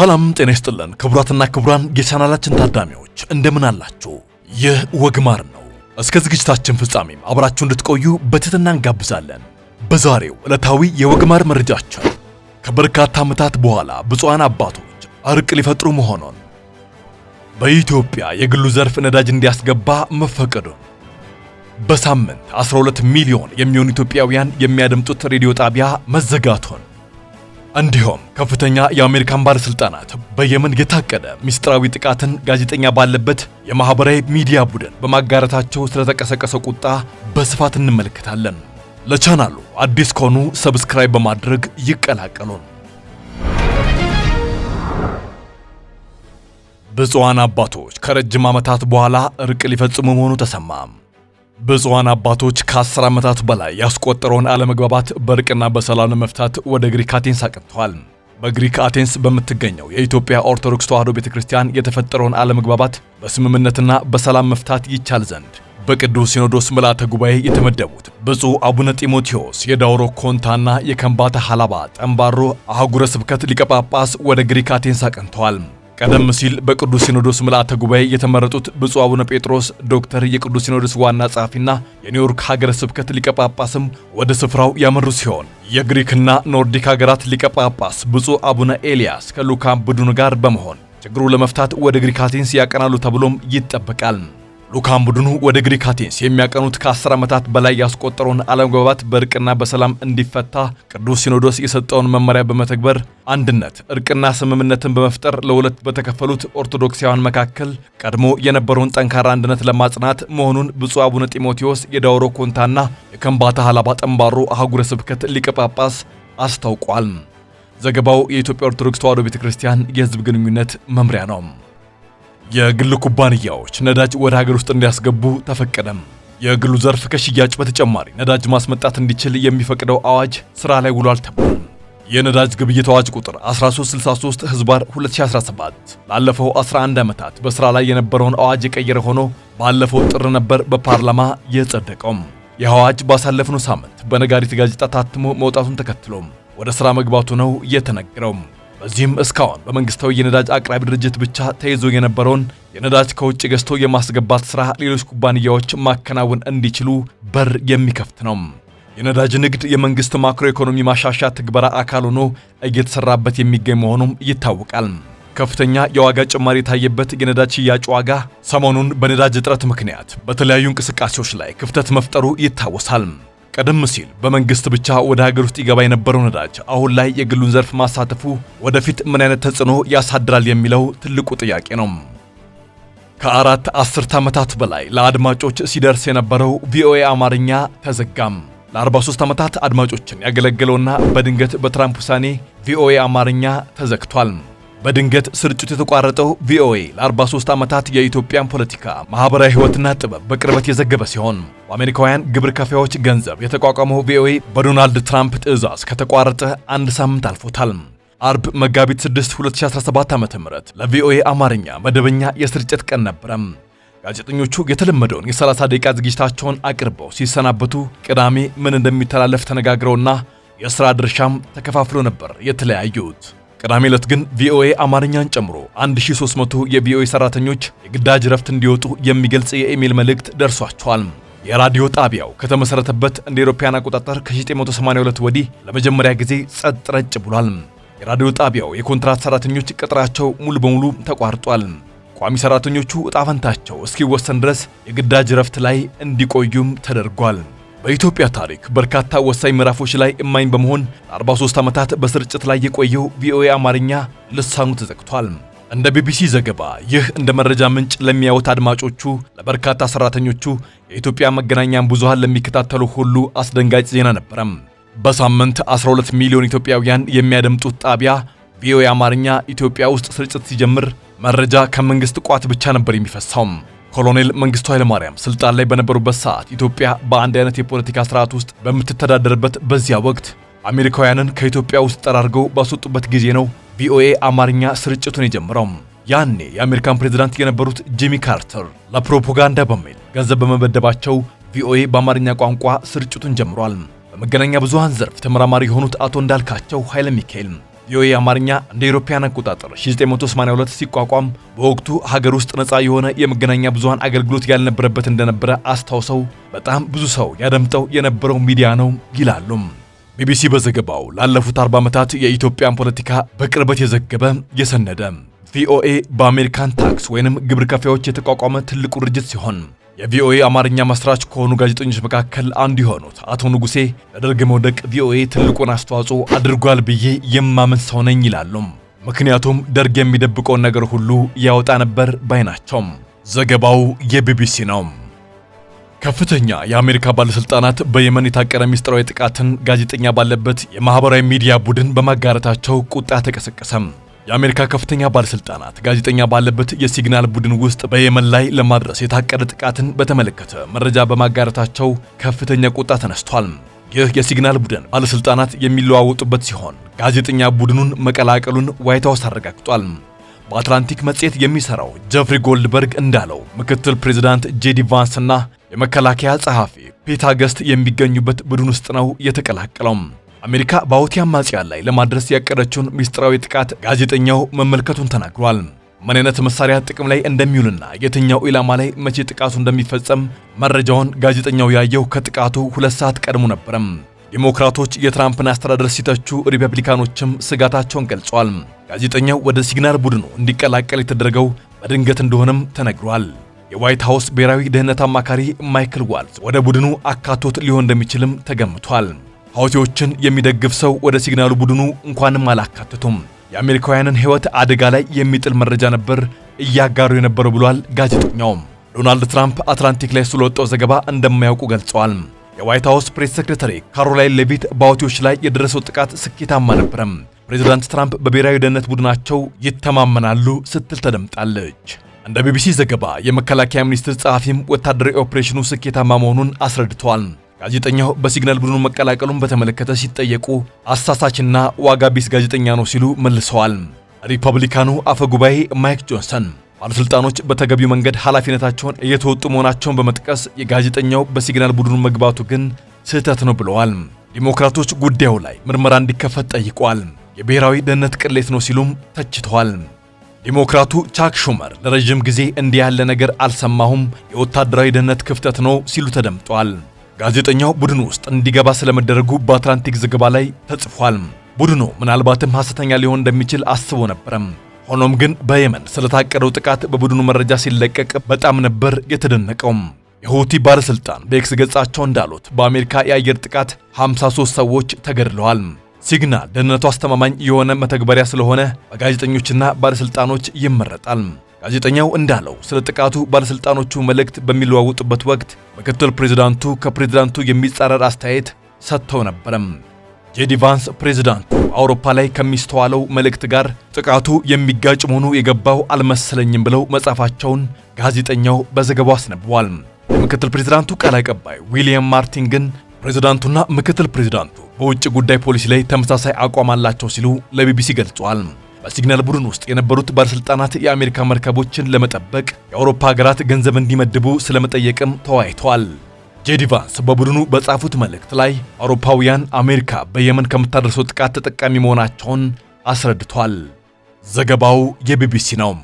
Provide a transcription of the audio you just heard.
ሰላም ጤና ይስጥልን ክቡራትና ክቡራን የቻናላችን ታዳሚዎች እንደምን አላችሁ? ይህ ወግማር ነው። እስከ ዝግጅታችን ፍጻሜም አብራችሁ እንድትቆዩ በትህትና እንጋብዛለን። በዛሬው ዕለታዊ የወግማር መረጃችን ከበርካታ ዓመታት በኋላ ብፁዓን አባቶች እርቅ ሊፈጥሩ መሆኑን፣ በኢትዮጵያ የግሉ ዘርፍ ነዳጅ እንዲያስገባ መፈቀዱን፣ በሳምንት 12 ሚሊዮን የሚሆኑ ኢትዮጵያውያን የሚያደምጡት ሬዲዮ ጣቢያ መዘጋቱን እንዲሁም ከፍተኛ የአሜሪካን ባለስልጣናት በየመን የታቀደ ሚስጥራዊ ጥቃትን ጋዜጠኛ ባለበት የማህበራዊ ሚዲያ ቡድን በማጋረታቸው ስለተቀሰቀሰው ቁጣ በስፋት እንመለከታለን። ለቻናሉ አዲስ ከሆኑ ሰብስክራይብ በማድረግ ይቀላቀሉን። ብፁዓን አባቶች ከረጅም ዓመታት በኋላ እርቅ ሊፈጽሙ መሆኑ ተሰማ። ብፁዓን አባቶች ከአስር ዓመታት በላይ ያስቆጠረውን አለመግባባት በእርቅና በሰላም ለመፍታት ወደ ግሪክ አቴንስ አቅንተዋል። በግሪክ አቴንስ በምትገኘው የኢትዮጵያ ኦርቶዶክስ ተዋሕዶ ቤተ ክርስቲያን የተፈጠረውን አለመግባባት በስምምነትና በሰላም መፍታት ይቻል ዘንድ በቅዱስ ሲኖዶስ ምልዓተ ጉባኤ የተመደቡት ብፁዕ አቡነ ጢሞቴዎስ የዳውሮ ኮንታና የከንባታ ሀላባ ጠንባሮ አህጉረ ስብከት ሊቀ ጳጳስ ወደ ግሪክ አቴንስ አቅንተዋል። ቀደም ሲል በቅዱስ ሲኖዶስ ምልአተ ጉባኤ የተመረጡት ብፁዕ አቡነ ጴጥሮስ ዶክተር የቅዱስ ሲኖዶስ ዋና ጸሐፊና የኒውዮርክ ሀገረ ስብከት ሊቀጳጳስም ወደ ስፍራው ያመሩ ሲሆን የግሪክና ኖርዲክ ሀገራት ሊቀጳጳስ ብፁዕ አቡነ ኤልያስ ከሉካ ቡድኑ ጋር በመሆን ችግሩ ለመፍታት ወደ ግሪክ አቴንስ ያቀናሉ ተብሎም ይጠበቃል። ሉካም ቡድኑ ወደ ግሪክ አቴንስ የሚያቀኑት ከ10 ዓመታት በላይ ያስቆጠረውን አለመግባባት በእርቅና በሰላም እንዲፈታ ቅዱስ ሲኖዶስ የሰጠውን መመሪያ በመተግበር አንድነት፣ እርቅና ስምምነትን በመፍጠር ለሁለት በተከፈሉት ኦርቶዶክሳውያን መካከል ቀድሞ የነበረውን ጠንካራ አንድነት ለማጽናት መሆኑን ብፁዕ አቡነ ጢሞቴዎስ የዳውሮ ኮንታና የከምባታ ሀላባ ጠንባሮ አህጉረ ስብከት ሊቀ ጳጳስ አስታውቋል። ዘገባው የኢትዮጵያ ኦርቶዶክስ ተዋሕዶ ቤተክርስቲያን የሕዝብ ግንኙነት መምሪያ ነው። የግል ኩባንያዎች ነዳጅ ወደ ሀገር ውስጥ እንዲያስገቡ ተፈቀደም። የግሉ ዘርፍ ከሽያጭ በተጨማሪ ነዳጅ ማስመጣት እንዲችል የሚፈቅደው አዋጅ ስራ ላይ ውሏል ተብሏል። የነዳጅ ግብይት አዋጅ ቁጥር 1363 ህዝባር 2017 ላለፈው 11 ዓመታት በስራ ላይ የነበረውን አዋጅ የቀየረ ሆኖ ባለፈው ጥር ነበር በፓርላማ የጸደቀውም። ይህ አዋጅ ባሳለፍነው ሳምንት በነጋሪት ጋዜጣ ታትሞ መውጣቱን ተከትሎም ወደ ስራ መግባቱ ነው እየተነገረውም። በዚህም እስካሁን በመንግስታዊ የነዳጅ አቅራቢ ድርጅት ብቻ ተይዞ የነበረውን የነዳጅ ከውጭ ገዝቶ የማስገባት ስራ ሌሎች ኩባንያዎች ማከናወን እንዲችሉ በር የሚከፍት ነው። የነዳጅ ንግድ የመንግስት ማክሮ ኢኮኖሚ ማሻሻያ ትግበራ አካል ሆኖ እየተሰራበት የሚገኝ መሆኑም ይታወቃል። ከፍተኛ የዋጋ ጭማሪ የታየበት የነዳጅ ሽያጭ ዋጋ ሰሞኑን በነዳጅ እጥረት ምክንያት በተለያዩ እንቅስቃሴዎች ላይ ክፍተት መፍጠሩ ይታወሳል። ቀደም ሲል በመንግስት ብቻ ወደ ሀገር ውስጥ ይገባ የነበረው ነዳጅ አሁን ላይ የግሉን ዘርፍ ማሳተፉ ወደፊት ምን አይነት ተጽዕኖ ያሳድራል የሚለው ትልቁ ጥያቄ ነው። ከአራት አስርት ዓመታት በላይ ለአድማጮች ሲደርስ የነበረው ቪኦኤ አማርኛ ተዘጋም። ለ43 ዓመታት አድማጮችን ያገለገለውና በድንገት በትራምፕ ውሳኔ ቪኦኤ አማርኛ ተዘግቷል። በድንገት ስርጭት የተቋረጠው ቪኦኤ ለ43 ዓመታት የኢትዮጵያን ፖለቲካ፣ ማህበራዊ ሕይወትና ጥበብ በቅርበት የዘገበ ሲሆን በአሜሪካውያን ግብር ከፋዮች ገንዘብ የተቋቋመው ቪኦኤ በዶናልድ ትራምፕ ትዕዛዝ ከተቋረጠ አንድ ሳምንት አልፎታል። አርብ መጋቢት 6 2017 ዓ.ም ለቪኦኤ አማርኛ መደበኛ የስርጭት ቀን ነበረ። ጋዜጠኞቹ የተለመደውን የ30 ደቂቃ ዝግጅታቸውን አቅርበው ሲሰናበቱ ቅዳሜ ምን እንደሚተላለፍ ተነጋግረውና የሥራ ድርሻም ተከፋፍሎ ነበር የተለያዩት። ቅዳሜ ዕለት ግን ቪኦኤ አማርኛን ጨምሮ 1300 የቪኦኤ ሰራተኞች የግዳጅ ረፍት እንዲወጡ የሚገልጽ የኢሜል መልእክት ደርሷቸዋል። የራዲዮ ጣቢያው ከተመሰረተበት እንደ አውሮፓውያን አቆጣጠር ከ1982 ወዲህ ለመጀመሪያ ጊዜ ጸጥ ረጭ ብሏል። የራዲዮ ጣቢያው የኮንትራት ሰራተኞች ቅጥራቸው ሙሉ በሙሉ ተቋርጧል። ቋሚ ሰራተኞቹ እጣ ፈንታቸው እስኪወሰን ድረስ የግዳጅ ረፍት ላይ እንዲቆዩም ተደርጓል። በኢትዮጵያ ታሪክ በርካታ ወሳኝ ምዕራፎች ላይ እማኝ በመሆን 43 ዓመታት በስርጭት ላይ የቆየው ቪኦኤ አማርኛ ልሳኑ ተዘግቷል። እንደ ቢቢሲ ዘገባ ይህ እንደ መረጃ ምንጭ ለሚያዩት አድማጮቹ፣ ለበርካታ ሰራተኞቹ፣ የኢትዮጵያ መገናኛን ብዙሃን ለሚከታተሉ ሁሉ አስደንጋጭ ዜና ነበረም። በሳምንት 12 ሚሊዮን ኢትዮጵያውያን የሚያደምጡት ጣቢያ ቪኦኤ አማርኛ ኢትዮጵያ ውስጥ ስርጭት ሲጀምር መረጃ ከመንግስት ቋት ብቻ ነበር የሚፈሳውም። ኮሎኔል መንግስቱ ኃይለማርያም ስልጣን ላይ በነበሩበት ሰዓት ኢትዮጵያ በአንድ አይነት የፖለቲካ ስርዓት ውስጥ በምትተዳደርበት በዚያ ወቅት አሜሪካውያንን ከኢትዮጵያ ውስጥ ጠራርገው ባስወጡበት ጊዜ ነው ቪኦኤ አማርኛ ስርጭቱን የጀመረው። ያኔ የአሜሪካን ፕሬዝዳንት የነበሩት ጂሚ ካርተር ለፕሮፓጋንዳ በሚል ገንዘብ በመበደባቸው ቪኦኤ በአማርኛ ቋንቋ ስርጭቱን ጀምሯል። በመገናኛ ብዙሃን ዘርፍ ተመራማሪ የሆኑት አቶ እንዳልካቸው ኃይለ ሚካኤል ቪኦኤ አማርኛ እንደ ኢሮፓያን አቆጣጠር 1982 ሲቋቋም በወቅቱ ሀገር ውስጥ ነፃ የሆነ የመገናኛ ብዙሃን አገልግሎት ያልነበረበት እንደነበረ አስታውሰው በጣም ብዙ ሰው ያደምጠው የነበረው ሚዲያ ነው ይላሉ። ቢቢሲ በዘገባው ላለፉት 40 ዓመታት የኢትዮጵያን ፖለቲካ በቅርበት የዘገበ የሰነደ ቪኦኤ በአሜሪካን ታክስ ወይንም ግብር ከፋዮች የተቋቋመ ትልቁ ድርጅት ሲሆን የቪኦኤ አማርኛ መስራች ከሆኑ ጋዜጠኞች መካከል አንዱ የሆኑት አቶ ንጉሴ ለደርግ መውደቅ ቪኦኤ ትልቁን አስተዋጽኦ አድርጓል ብዬ የማምን ሰው ነኝ ይላሉ። ምክንያቱም ደርግ የሚደብቀውን ነገር ሁሉ ያወጣ ነበር ባይ ናቸውም። ዘገባው የቢቢሲ ነው። ከፍተኛ የአሜሪካ ባለስልጣናት በየመን የታቀደ ምስጢራዊ ጥቃትን ጋዜጠኛ ባለበት የማህበራዊ ሚዲያ ቡድን በማጋረታቸው ቁጣ ተቀሰቀሰም። የአሜሪካ ከፍተኛ ባለስልጣናት ጋዜጠኛ ባለበት የሲግናል ቡድን ውስጥ በየመን ላይ ለማድረስ የታቀደ ጥቃትን በተመለከተ መረጃ በማጋረታቸው ከፍተኛ ቁጣ ተነስቷል። ይህ የሲግናል ቡድን ባለስልጣናት የሚለዋወጡበት ሲሆን ጋዜጠኛ ቡድኑን መቀላቀሉን ዋይት ሀውስ አረጋግጧል። በአትላንቲክ መጽሔት የሚሰራው ጀፍሪ ጎልድበርግ እንዳለው ምክትል ፕሬዚዳንት ጄዲ ቫንስ እና የመከላከያ ጸሐፊ ፔት ሄግስት የሚገኙበት ቡድን ውስጥ ነው የተቀላቀለው። አሜሪካ በሁቲ አማጽያን ላይ ለማድረስ ያቀደችውን ምስጢራዊ ጥቃት ጋዜጠኛው መመልከቱን ተናግሯል። ምን አይነት መሳሪያ ጥቅም ላይ እንደሚውልና የትኛው ኢላማ ላይ መቼ ጥቃቱ እንደሚፈጸም መረጃውን ጋዜጠኛው ያየው ከጥቃቱ ሁለት ሰዓት ቀድሞ ነበረም። ዴሞክራቶች የትራምፕን አስተዳደር ሲተቹ፣ ሪፐብሊካኖችም ስጋታቸውን ገልጿል። ጋዜጠኛው ወደ ሲግናል ቡድኑ እንዲቀላቀል የተደረገው በድንገት እንደሆነም ተነግሯል። የዋይት ሃውስ ብሔራዊ ደህንነት አማካሪ ማይክል ዋልዝ ወደ ቡድኑ አካቶት ሊሆን እንደሚችልም ተገምቷል። ሀውቲዎችን የሚደግፍ ሰው ወደ ሲግናሉ ቡድኑ እንኳንም አላካተቱም። የአሜሪካውያንን ሕይወት አደጋ ላይ የሚጥል መረጃ ነበር እያጋሩ የነበረው ብሏል ጋዜጠኛውም። ዶናልድ ትራምፕ አትላንቲክ ላይ ስለወጣው ዘገባ እንደማያውቁ ገልጸዋል። የዋይት ሀውስ ፕሬስ ሴክሬታሪ ካሮላይን ሌቪት በሀውቲዎች ላይ የደረሰው ጥቃት ስኬታማ ነበረም፣ ፕሬዚዳንት ትራምፕ በብሔራዊ ደህንነት ቡድናቸው ይተማመናሉ ስትል ተደምጣለች። እንደ ቢቢሲ ዘገባ የመከላከያ ሚኒስትር ጸሐፊም ወታደራዊ ኦፕሬሽኑ ስኬታማ መሆኑን አስረድተዋል። ጋዜጠኛው በሲግናል ቡድኑ መቀላቀሉን በተመለከተ ሲጠየቁ አሳሳችና ዋጋ ቢስ ጋዜጠኛ ነው ሲሉ መልሰዋል። ሪፐብሊካኑ አፈ ጉባኤ ማይክ ጆንሰን ባለሥልጣኖች በተገቢው መንገድ ኃላፊነታቸውን እየተወጡ መሆናቸውን በመጥቀስ የጋዜጠኛው በሲግናል ቡድኑ መግባቱ ግን ስህተት ነው ብለዋል። ዲሞክራቶች ጉዳዩ ላይ ምርመራ እንዲከፈት ጠይቋል። የብሔራዊ ደህንነት ቅሌት ነው ሲሉም ተችተዋል። ዲሞክራቱ ቻክ ሹመር ለረዥም ጊዜ እንዲህ ያለ ነገር አልሰማሁም፣ የወታደራዊ ደህንነት ክፍተት ነው ሲሉ ተደምጧል። ጋዜጠኛው ቡድኑ ውስጥ እንዲገባ ስለመደረጉ በአትላንቲክ ዘገባ ላይ ተጽፏል። ቡድኑ ምናልባትም ሐሰተኛ ሊሆን እንደሚችል አስቦ ነበረም። ሆኖም ግን በየመን ስለታቀደው ጥቃት በቡድኑ መረጃ ሲለቀቅ በጣም ነበር የተደነቀው። የሁቲ ባለስልጣን በኤክስ ገጻቸው እንዳሉት በአሜሪካ የአየር ጥቃት 53 ሰዎች ተገድለዋል። ሲግናል ደህንነቱ አስተማማኝ የሆነ መተግበሪያ ስለሆነ በጋዜጠኞችና ባለስልጣኖች ይመረጣል። ጋዜጠኛው እንዳለው ስለ ጥቃቱ ባለስልጣኖቹ መልእክት በሚለዋውጡበት ወቅት ምክትል ፕሬዝዳንቱ ከፕሬዝዳንቱ የሚጻረር አስተያየት ሰጥተው ነበረም። ጄዲ ቫንስ ፕሬዝዳንቱ አውሮፓ ላይ ከሚስተዋለው መልእክት ጋር ጥቃቱ የሚጋጭ መሆኑ የገባው አልመሰለኝም ብለው መጻፋቸውን ጋዜጠኛው በዘገባው አስነብቧል። የምክትል ፕሬዝዳንቱ ቃል አቀባይ ዊሊያም ማርቲን ግን ፕሬዝዳንቱና ምክትል ፕሬዝዳንቱ በውጭ ጉዳይ ፖሊሲ ላይ ተመሳሳይ አቋም አላቸው ሲሉ ለቢቢሲ ገልጿል። በሲግናል ቡድን ውስጥ የነበሩት ባለስልጣናት የአሜሪካ መርከቦችን ለመጠበቅ የአውሮፓ ሀገራት ገንዘብ እንዲመድቡ ስለመጠየቅም ተወያይተዋል። ጄዲ ቫንስ በቡድኑ በጻፉት መልእክት ላይ አውሮፓውያን አሜሪካ በየመን ከምታደርሰው ጥቃት ተጠቃሚ መሆናቸውን አስረድቷል። ዘገባው የቢቢሲ ነው።